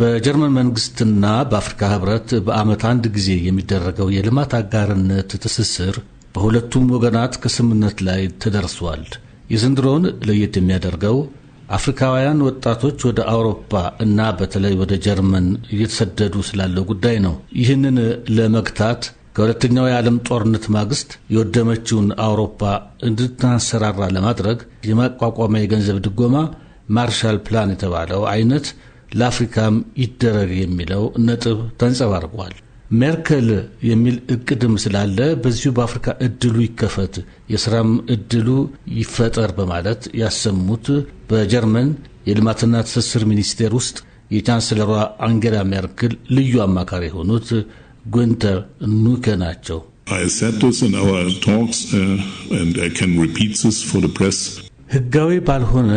በጀርመን መንግስትና በአፍሪካ ህብረት በአመት አንድ ጊዜ የሚደረገው የልማት አጋርነት ትስስር በሁለቱም ወገናት ከስምምነት ላይ ተደርሷል። የዘንድሮውን ለየት የሚያደርገው አፍሪካውያን ወጣቶች ወደ አውሮፓ እና በተለይ ወደ ጀርመን እየተሰደዱ ስላለው ጉዳይ ነው። ይህንን ለመግታት ከሁለተኛው የዓለም ጦርነት ማግስት የወደመችውን አውሮፓ እንድታንሰራራ ለማድረግ የማቋቋሚያ የገንዘብ ድጎማ ማርሻል ፕላን የተባለው አይነት ለአፍሪካም ይደረግ የሚለው ነጥብ ተንጸባርቋል። ሜርከል የሚል እቅድም ስላለ በዚሁ በአፍሪካ እድሉ ይከፈት፣ የስራም እድሉ ይፈጠር በማለት ያሰሙት በጀርመን የልማትና ትስስር ሚኒስቴር ውስጥ የቻንስለሯ አንጌላ ሜርክል ልዩ አማካሪ የሆኑት ጉንተር ኑከ ናቸው። ህጋዊ uh, ባልሆነ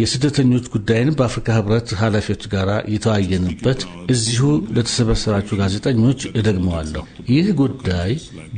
የስደተኞች ጉዳይን በአፍሪካ ህብረት ኃላፊዎች ጋር የተወያየንበት እዚሁ ለተሰበሰባችሁ ጋዜጠኞች እደግመዋለሁ። ይህ ጉዳይ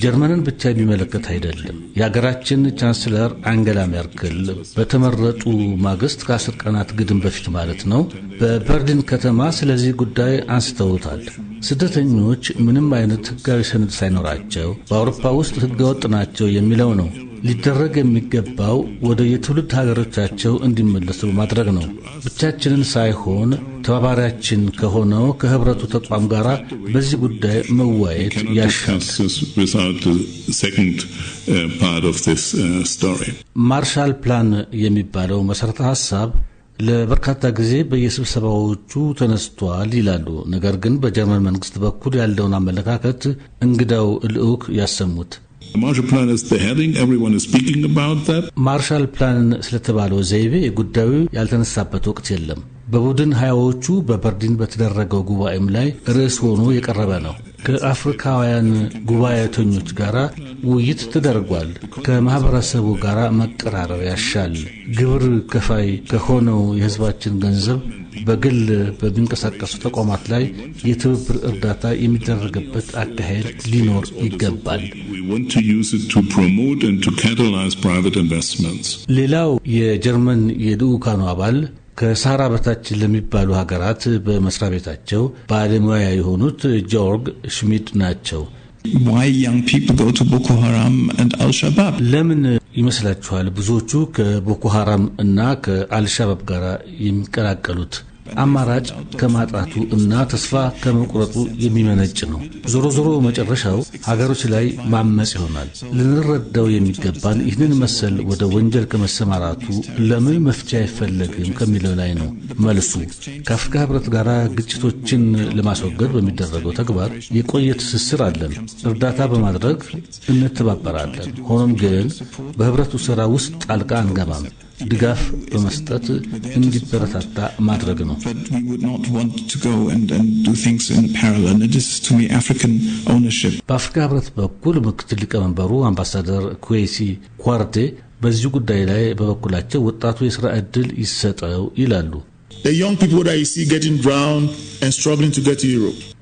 ጀርመንን ብቻ የሚመለከት አይደለም። የሀገራችን ቻንስለር አንገላ ሜርክል በተመረጡ ማግስት ከአስር ቀናት ግድም በፊት ማለት ነው በበርሊን ከተማ ስለዚህ ጉዳይ አንስተውታል። ስደተኞች ምንም አይነት ህጋዊ ሰነድ ሳይኖራቸው በአውሮፓ ውስጥ ህገወጥ ናቸው የሚለው ነው ሊደረግ የሚገባው ወደ የትውልድ ሀገሮቻቸው እንዲመለሱ በማድረግ ነው። ብቻችንን ሳይሆን ተባባሪያችን ከሆነው ከህብረቱ ተቋም ጋር በዚህ ጉዳይ መወያየት ያሻል። ማርሻል ፕላን የሚባለው መሠረተ ሀሳብ ለበርካታ ጊዜ በየስብሰባዎቹ ተነስቷል ይላሉ። ነገር ግን በጀርመን መንግስት በኩል ያለውን አመለካከት እንግዳው ልዑክ ያሰሙት ማርሻል ፕላን ስለተባለው ዘይቤ ጉዳዩ ያልተነሳበት ወቅት የለም። በቡድን ሀያዎቹ በበርሊን በተደረገው ጉባኤም ላይ ርዕስ ሆኖ የቀረበ ነው። ከአፍሪካውያን ጉባኤተኞች ጋር ውይይት ተደርጓል። ከማህበረሰቡ ጋር መቀራረብ ያሻል። ግብር ከፋይ ከሆነው የህዝባችን ገንዘብ በግል በሚንቀሳቀሱ ተቋማት ላይ የትብብር እርዳታ የሚደረግበት አካሄድ ሊኖር ይገባል። ሌላው የጀርመን የልዑካኑ አባል ከሳራ በታች ለሚባሉ ሀገራት በመስሪያ ቤታቸው ባለሙያ የሆኑት ጆርግ ሽሚድ ናቸው። ለምን ይመስላችኋል ብዙዎቹ ከቦኮ ሀራም እና ከአልሻባብ ጋር የሚቀላቀሉት? አማራጭ ከማጣቱ እና ተስፋ ከመቁረጡ የሚመነጭ ነው። ዞሮ ዞሮ መጨረሻው ሀገሮች ላይ ማመፅ ይሆናል። ልንረዳው የሚገባን ይህንን መሰል ወደ ወንጀል ከመሰማራቱ ለምን መፍትሄ አይፈለግም ከሚለው ላይ ነው መልሱ። ከአፍሪካ ህብረት ጋር ግጭቶችን ለማስወገድ በሚደረገው ተግባር የቆየ ትስስር አለን። እርዳታ በማድረግ እንተባበራለን። ሆኖም ግን በህብረቱ ስራ ውስጥ ጣልቃ አንገባም። ድጋፍ በመስጠት እንዲበረታታ ማድረግ ነው። በአፍሪካ ህብረት በኩል ምክትል ሊቀመንበሩ አምባሳደር ኩዌሲ ኳርቴ በዚህ ጉዳይ ላይ በበኩላቸው ወጣቱ የስራ ዕድል ይሰጠው ይላሉ።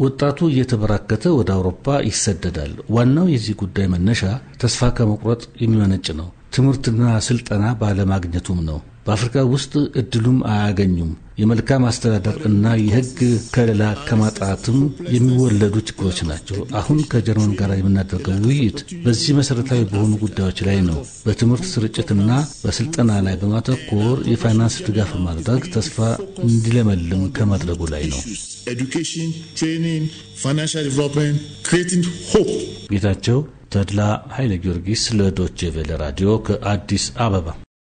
ወጣቱ እየተበራከተ ወደ አውሮፓ ይሰደዳል። ዋናው የዚህ ጉዳይ መነሻ ተስፋ ከመቁረጥ የሚመነጭ ነው። ትምህርትና ስልጠና ባለማግኘቱም ነው። በአፍሪካ ውስጥ እድሉም አያገኙም። የመልካም አስተዳደር እና የሕግ ከለላ ከማጣትም የሚወለዱ ችግሮች ናቸው። አሁን ከጀርመን ጋር የምናደርገው ውይይት በዚህ መሰረታዊ በሆኑ ጉዳዮች ላይ ነው። በትምህርት ስርጭትና በስልጠና ላይ በማተኮር የፋይናንስ ድጋፍ ማድረግ ተስፋ እንዲለመልም ከማድረጉ ላይ ነው። ጌታቸው ተድላ ኃይለ ጊዮርጊስ ለዶቼ ቬለ ራዲዮ ከአዲስ አበባ